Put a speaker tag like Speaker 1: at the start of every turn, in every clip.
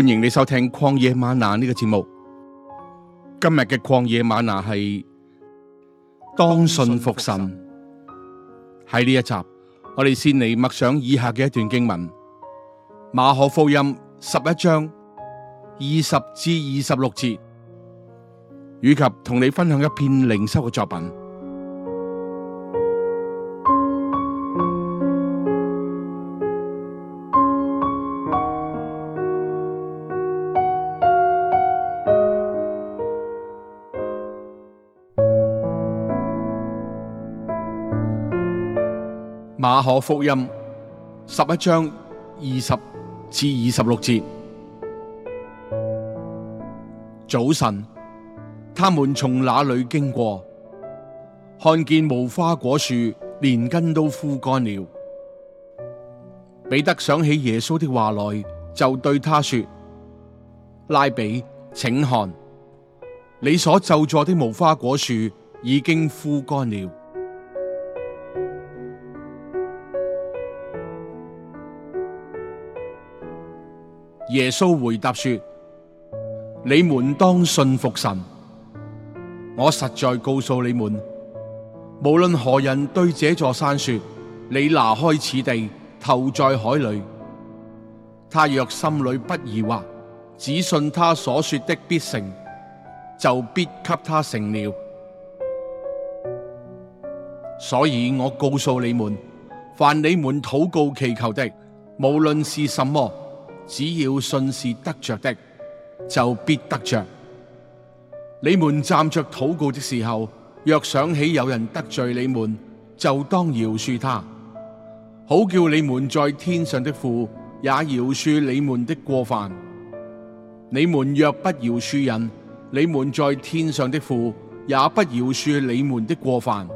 Speaker 1: 歡迎你收聽曠野嗎哪呢個節目。今日嘅曠野嗎哪係當信服神。喺呢一集，我哋先嚟默想以下嘅一段經文：馬可福音十一章二十至二十六節，與及同你分享一篇靈修嘅作品。馬可福音十一章二十至二十六節：早晨，他們從那裏經過，看見無花果樹連根都枯乾了。彼得想起耶穌的話來，就對他說：拉比，請看，你所咒詛的無花果樹已經枯乾了。耶穌回答說：你們當信服神。我實在告訴你們，無論何人對這座山說：你拿開此地，投在海裏，他若心裏不疑惑，只信他所說的必成，就必給他成了。所以我告訴你們，凡你們禱告祈求的，無論是什麼，只要信是得着的，就必得着。你們站着禱告的時候，若想起有人得罪你們，就當饒恕他，好叫你們在天上的父也饒恕你們的過犯。你們若不饒恕人，你們在天上的父也不饒恕你們的過犯。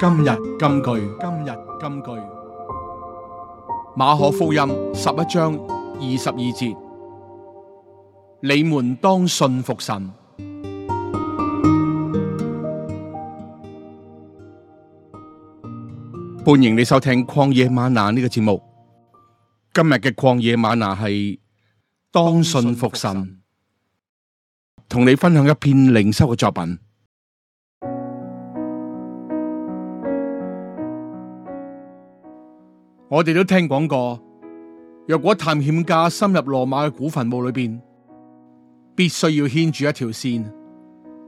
Speaker 1: 今日金句，今日金句。馬可福音十一章二十二節，你們當信服神。歡迎你收聽曠野嗎哪呢個節目。今日嘅曠野嗎哪係當信服神。同你分享一篇靈修嘅作品。 我哋都聽講過，若果探險家深入羅馬嘅古墳墓裏邊，必須要牽住一條綫，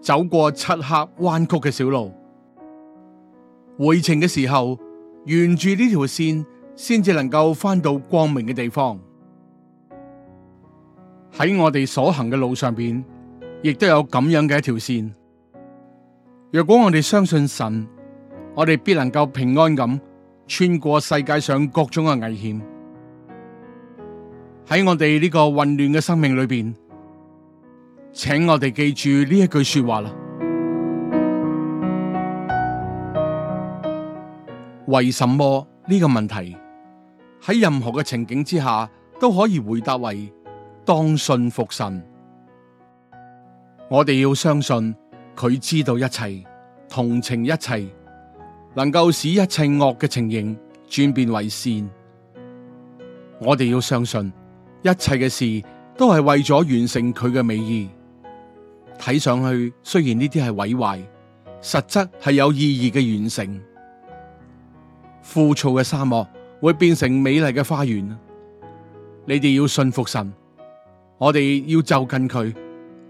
Speaker 1: 走過漆黑彎曲嘅小路。回程嘅時候，沿住呢條綫，先至能夠翻到光明嘅地方。喺我哋所行嘅路上邊。亦都有咁樣嘅一條線。若果我哋相信神，我哋必能夠平安咁穿過世界上各種嘅危險。喺我哋呢個混亂嘅生命裏邊，請我哋記住呢一句說話啦。為什麼呢個問題喺任何嘅情景之下都可以回答為當信服神。我哋要相信佢知道一切，同情一切，能夠使一切惡嘅情形轉變為善。我哋要相信一切嘅事都係為咗完成佢嘅美意。睇上去雖然呢啲係毀壞，實質係有意義嘅完成。枯燥嘅沙漠會變成美麗嘅花園。你哋要信服神，我哋要就近佢。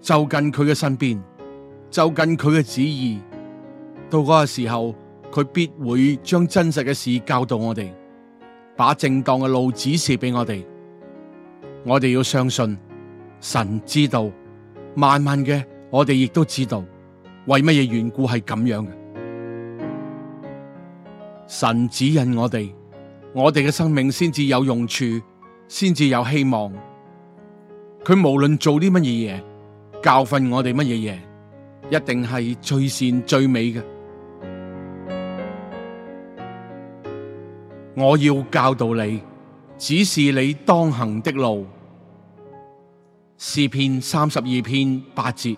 Speaker 1: 就近佢嘅身邊，就近佢嘅旨意。到嗰個時候，佢必會將真實嘅事教導我哋，把正當嘅路指示俾我哋。我哋要相信神知道，慢慢嘅我哋亦都知道為乜嘢緣故係咁樣嘅。神指引我哋，我哋嘅生命先至有用處，先至有希望。佢無論做啲乜嘢嘢。教訓我哋乜嘢嘢，一定係最善最美嘅。我要教導你，指示你當行的路，詩篇三十二篇八節。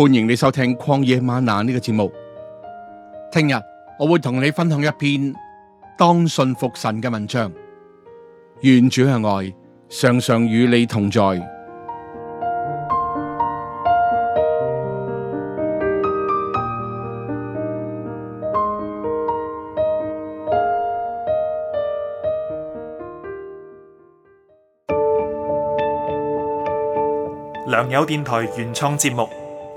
Speaker 1: 歡迎你收聽曠野嗎哪呢個節目。聽日我會同你分享一篇當信服神嘅文章。願主嘅愛常常與你同在。良友電台原創節目。